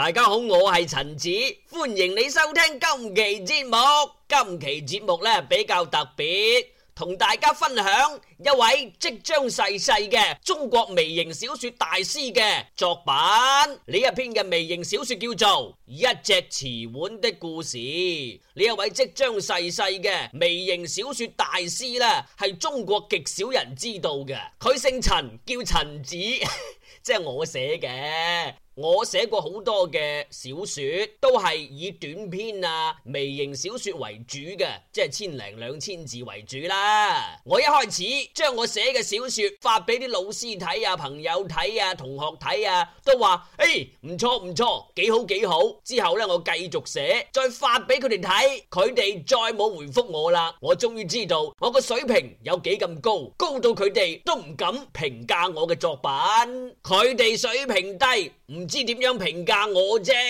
大家好，我係陳子，歡迎你收聽今期節目。今期節目咧，比較特別，同大家分享一位即將逝世嘅中國微型小說大師嘅作品。呢一篇嘅微型小說叫做《一隻瓷碗的故事》。呢一位即將逝世嘅微型小說大師咧，係中國極少人知道嘅。佢姓陳，叫陳子， 即係我寫嘅。我寫過好多嘅小說，都係以短篇啊、微型小說為主嘅，即係千零兩,兩千字為主啦。我一開始將我寫嘅小說發俾啲老師睇啊、朋友睇啊、同學睇啊，都話：誒、哎，唔錯唔錯，幾好幾好。之後呢，我繼續寫，再發俾佢哋睇，佢哋再冇回覆我啦。我終於知道我個水平有幾咁高，高到佢哋都唔敢評價我嘅作品。佢哋水平低，唔。唔知點樣評價我啫～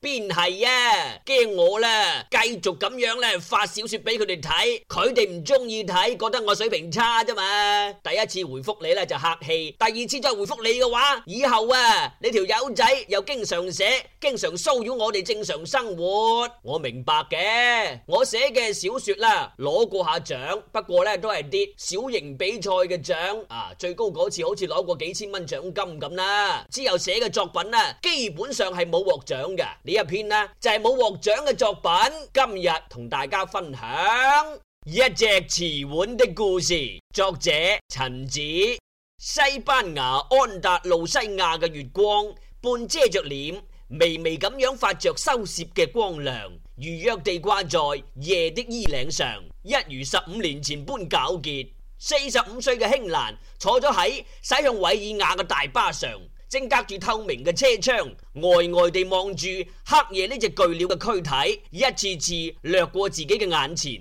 邊係啊驚我啦，繼續咁樣咧發小說俾佢哋睇，佢哋唔中意睇，覺得我水平差啫嘛。第一次回覆你咧就客氣，第二次再回覆你嘅話，以後啊你條友仔又經常寫，經常騷擾我哋正常生活。我明白嘅，我寫嘅小說啦攞過下獎，不過咧都係啲小型比賽嘅獎啊，最高嗰次好似攞過幾千蚊獎金咁啦。之後寫嘅作品啦，基本上係冇獲獎嘅。呢一篇呢就係冇獲獎嘅作品，今日同大家分享一隻瓷碗的故事。作者陳子，西班牙安達路西亞嘅月光半遮着臉，微微咁樣發着羞澀嘅光亮，如約地掛在夜的衣領上，一如十五年前般皎潔。四十五歲嘅興蘭坐咗喺駛向韋爾瓦嘅大巴上。正隔住透明嘅車窗，呆呆地望住黑夜呢隻巨鳥嘅軀體，一次次掠過自己嘅眼前。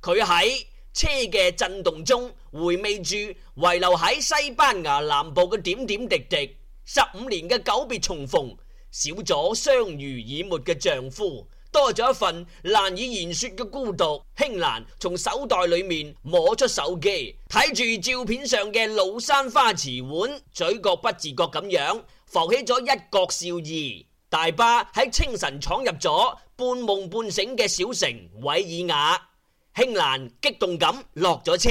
佢喺車嘅震動中，回味住遺留喺西班牙南部嘅點點滴滴。十五年嘅久別重逢，少咗相濡以沫嘅丈夫，多咗一份難以言說嘅孤獨，興蘭從手袋裏面摸出手機，睇住照片上嘅老山花瓷碗，嘴角不自覺咁樣浮起咗一角笑意。大巴喺清晨闖入咗半夢半醒嘅小城韋爾雅，興蘭激動咁落咗車。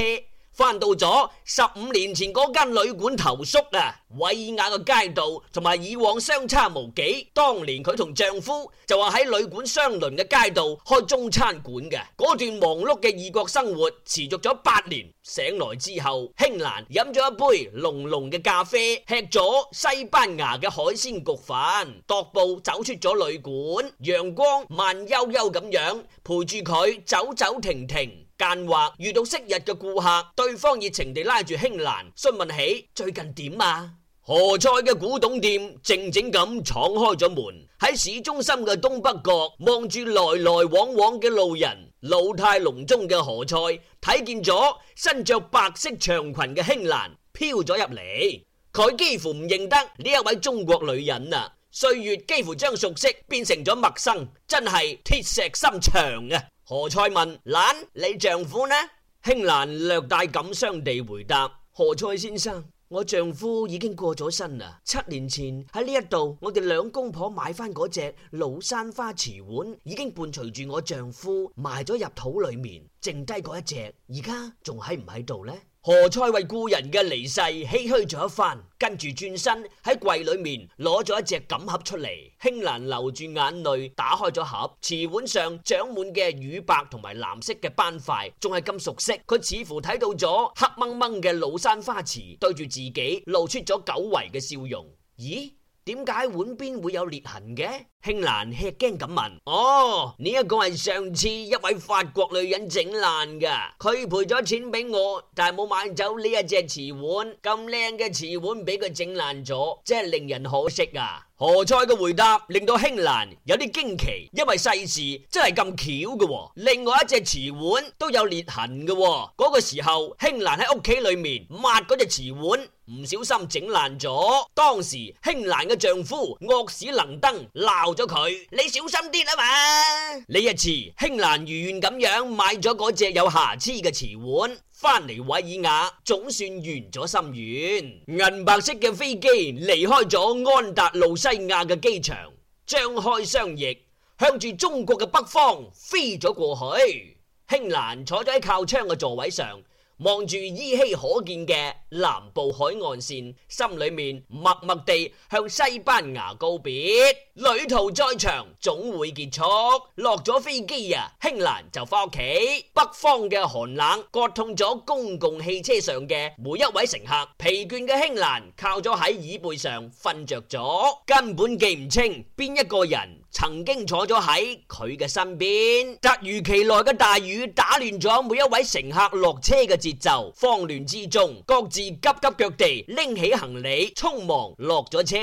翻到咗十五年前嗰間旅館投宿啊，韋爾雅嘅街道同埋以往相差無幾。當年佢同丈夫就話喺旅館相鄰嘅街道開中餐館嘅，嗰段忙碌嘅異國生活持續咗八年。醒來之後，興蘭飲咗一杯濃濃嘅咖啡，吃咗西班牙嘅海鮮焗飯，踱步走出咗旅館。陽光慢悠悠咁樣陪住佢走走停停。間或遇到昔日嘅顧客，對方熱情地拉住興蘭，詢問起最近點啊。何賽嘅古董店靜靜咁敞開咗門，喺市中心嘅東北角望住來來往往嘅路人，老態龍鍾嘅何賽睇見咗身着白色長裙嘅興蘭飄咗入嚟，佢幾乎唔認得呢一位中國女人啊，歲月幾乎將熟悉變成咗陌生，真係鐵石心腸啊！何塞問：蘭，你丈夫呢？興蘭略帶感傷地回答：何塞先生，我丈夫已經過咗身啦。七年前喺呢一度，我哋兩公婆買翻嗰隻老山花瓷碗，已經伴隨住我丈夫埋咗入土裏面，剩低嗰一隻，而家仲喺唔喺度呢？何塞為故人嘅離世唏噓咗一番，跟住轉身喺櫃裏面攞咗一隻錦盒出嚟。興蘭流住眼淚，打開咗盒，瓷碗上長滿嘅乳白同埋藍色嘅斑塊，仲係咁熟悉。佢似乎睇到咗黑掹掹嘅老山花瓷對住自己露出咗久違嘅笑容。咦，點解碗邊會有裂痕嘅？興蘭吃驚咁問：哦，呢一個係上次一位法國女人整爛噶，佢賠咗錢俾我，但係冇買走呢一隻瓷碗。咁靚嘅瓷碗俾佢整爛咗，真係令人可惜啊！何賽嘅回答令到興蘭有啲驚奇，因為世事真係咁巧嘅。另外一隻瓷碗都有裂痕嘅。嗰個時候，興蘭喺屋企裏面抹嗰隻瓷碗，唔小心整爛咗。當時興蘭嘅丈夫惡使能登鬧。咗佢，你小心啲啦嘛！呢一次，興蘭如願咁樣買咗嗰隻有瑕疵嘅瓷碗，翻嚟韋爾瓦總算圓咗心願。銀白色嘅飛機離開咗安達路西亞嘅機場，張開雙翼，向住中國嘅北方飛咗過去。興蘭坐咗喺靠窗嘅座位上，望住依稀可見嘅。南部海岸線，心裏面默默地向西班牙告別。旅途再長，總會結束。落咗飛機啊，興蘭就翻屋企。北方嘅寒冷割痛咗公共汽車上嘅每一位乘客。疲倦嘅興蘭靠咗喺椅背上瞓着咗，根本記唔清邊一個人曾經坐咗喺佢嘅身邊。突如其來嘅大雨打亂咗每一位乘客落車嘅節奏，慌亂之中各自。是急急腳地拎起行李，匆忙落咗車，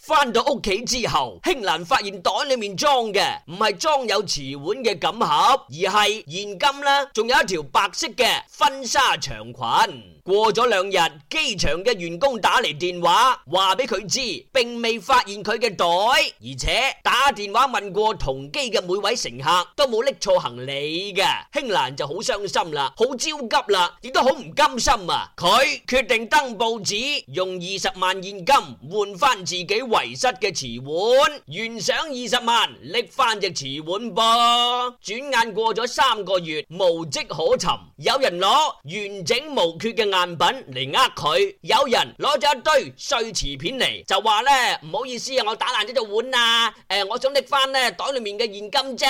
返到屋企之後，興蘭發現袋裏面裝嘅唔係裝有瓷碗嘅錦盒，而係現金啦，仲有一條白色嘅婚紗長裙。過咗兩日，機場嘅員工打嚟電話，話俾佢知，並未發現佢嘅袋，而且打電話問過同機嘅每位乘客，都冇拎錯行李嘅。興蘭就好傷心啦，好焦急啦，亦都好唔甘心啊！佢決定登報紙，用二十萬現金換翻自己遺失嘅瓷碗，懸賞二十萬，拎翻隻瓷碗噃。轉眼過咗三個月，無跡可尋，有人攞完整無缺嘅銀贋品嚟呃佢，有人攞咗一堆碎瓷片嚟，就話呢，唔好意思啊，我打爛咗隻碗啊，誒，我想拎翻呢袋裏面嘅現金啫，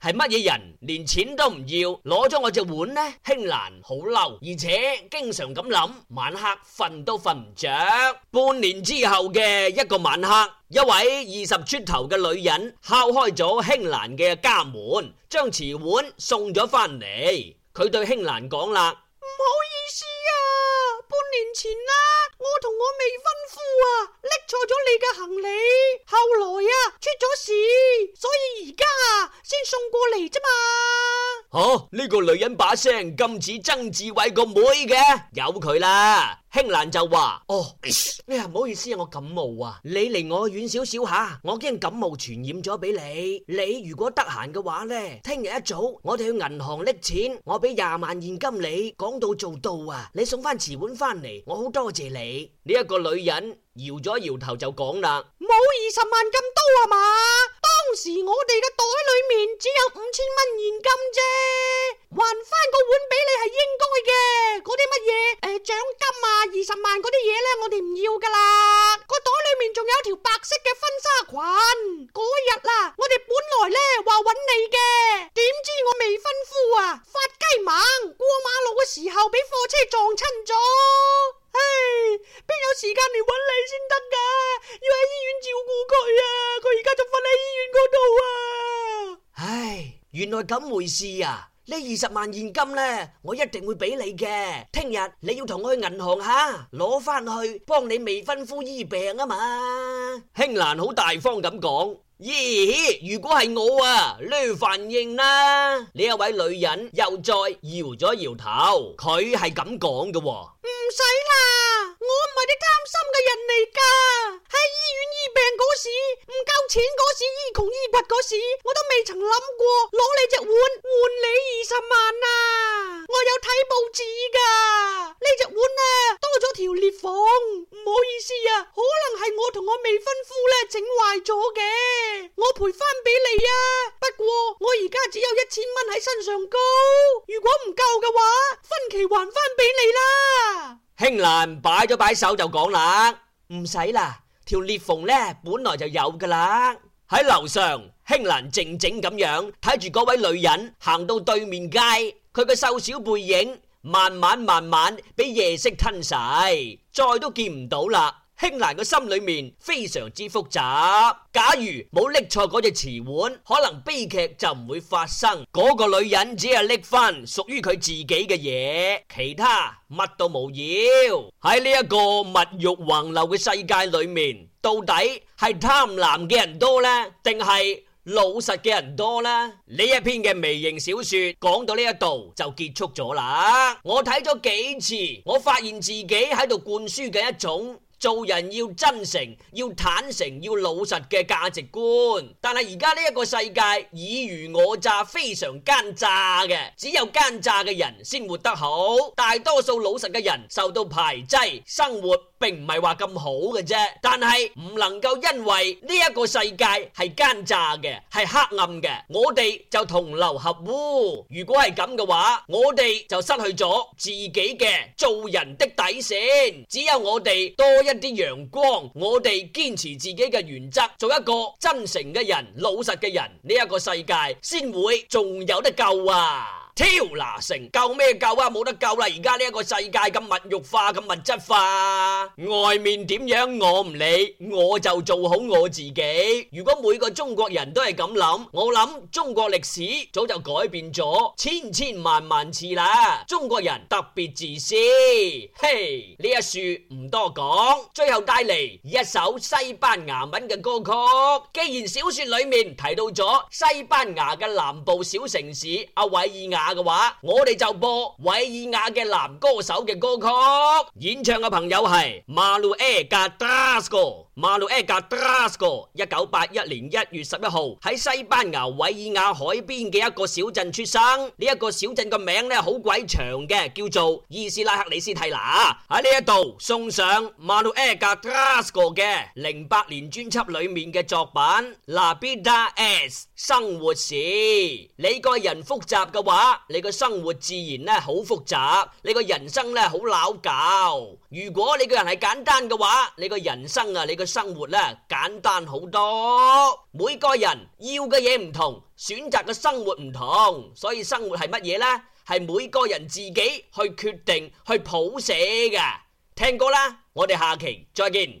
係乜嘢人連錢都唔要，攞咗我隻碗呢？興蘭好嬲，而且經常咁諗，晚黑瞓都瞓唔着。半年之後嘅一個晚黑，一位二十出頭嘅女人敲開咗興蘭嘅家門，將瓷碗送咗返嚟，佢對興蘭講啦。唔好意思啊，半年前啦、啊，我同我未婚夫啊拎錯咗你嘅行李，後來啊出咗事，所以而家啊先送過嚟啫嘛。吓、啊，呢、這個女人把聲咁似曾志偉個妹嘅，由佢啦。興蘭就話：哦，哎、呃、呀，唔好意思啊，我感冒啊，你離我遠少少吓，我驚感冒傳染咗俾你。你如果得閒嘅話呢，聽日一早我哋去銀行拎錢，我俾廿萬現金你，講到做到啊，你送翻瓷碗翻嚟，我好多謝你。呢一個女人搖咗搖頭就講啦，冇二十萬咁多呀嘛。當時我哋嘅袋裏面只有五千蚊現金啫，還返個碗俾你係應該嘅。嗰啲乜嘢誒獎金啊，二十萬嗰啲嘢呢，我哋唔要噶啦。個袋裏面仲有條白色嘅婚紗裙。嗰日啊，我哋本來呢話揾你嘅，點知我未婚夫啊發雞盲，過馬路嘅時候俾貨車撞親咗，唉，邊有時間嚟揾你？原來咁回事啊。呢二十萬現金呢，我一定會俾你嘅。聽日你要同我去銀行下，攞翻去幫你未婚夫醫病啊嘛！興蘭好大方咁講，咦咦，如果係我啊，呢反應啦。呢位女人又再搖咗搖頭，佢係咁講嘅。嗯唔使啦，我唔係啲貪心嘅人嚟噶。喺醫院醫病嗰時，唔夠錢嗰時，醫窮醫骨嗰時，我都未曾諗過攞你隻碗換你二十萬啊！我有睇報紙噶，呢隻碗啊多咗條裂縫，唔好意思啊，可能係我同我未婚夫咧整壞咗嘅，我賠翻俾你啊。不過我而家只有一千蚊喺身上高，如果唔夠嘅話，分期還翻俾你啦。興蘭擺咗擺手就講啦，唔使啦，條裂縫呢本來就有噶啦。喺樓上，興蘭靜靜咁樣睇住嗰位女人行到對面街，佢嘅瘦小背影慢慢慢慢俾夜色吞噬，再都見唔到啦。興蘭嘅心裏面非常之複雜。假如冇拎錯嗰隻瓷碗，可能悲劇就唔會發生。嗰、那個女人只係拎翻屬於佢自己嘅嘢，其他乜都冇要。喺呢一個物慾橫流嘅世界裏面，到底係貪婪嘅人多呢？定係老實嘅人多呢？呢一篇嘅微型小說講到呢一度就結束咗啦。我睇咗幾次，我發現自己喺度灌輸嘅一種。做人要真誠，要坦誠，要老實嘅價值觀。但係而家呢一個世界，爾虞我詐，非常奸詐嘅，只有奸詐嘅人先活得好，大多數老實嘅人受到排擠，生活並唔係話咁好嘅啫。但係唔能夠因為呢一個世界係奸詐嘅，係黑暗嘅，我哋就同流合污。如果係咁嘅話，我哋就失去咗自己嘅做人的底線。只有我哋多一啲陽光，我哋堅持自己嘅原則，做一個真誠嘅人、老實嘅人，呢一個世界先會仲有得救啊！超拿成救咩救啊！冇得救啦！而家呢一個世界咁物欲化、咁物質化，外面點樣我唔理，我就做好我自己。如果每個中國人都係咁諗，我諗中國歷史早就改變咗千千萬萬次啦。中國人特別自私，嘿，呢一說唔多講。最後帶嚟一首西班牙文嘅歌曲。既然小說裏面提到咗西班牙嘅南部小城市阿韋爾瓦。嘅話，我哋就播韋爾雅嘅男歌手嘅歌曲，演唱嘅朋友係馬路 Airgasco 馬魯埃格·德拉戈，一九八一年一月十一號喺西班牙維爾瓦海邊嘅一個小鎮出生。呢、這、一個小鎮嘅名咧好鬼長嘅，叫做伊斯拉克里斯蒂娜。喺呢一度送上馬魯埃格·德拉戈嘅零八年專輯裏面嘅作品。La vida es 生活時，你個人複雜嘅話，你個生活自然咧好複雜，你個人生咧好扭。舊。如果你個人係簡單嘅話，你個人生啊，你個。生活呢，簡單好多。每個人要嘅嘢唔同，選擇嘅生活唔同，所以生活係乜嘢呢？係每個人自己去決定、去譜寫嘅。聽歌啦，我哋下期再見。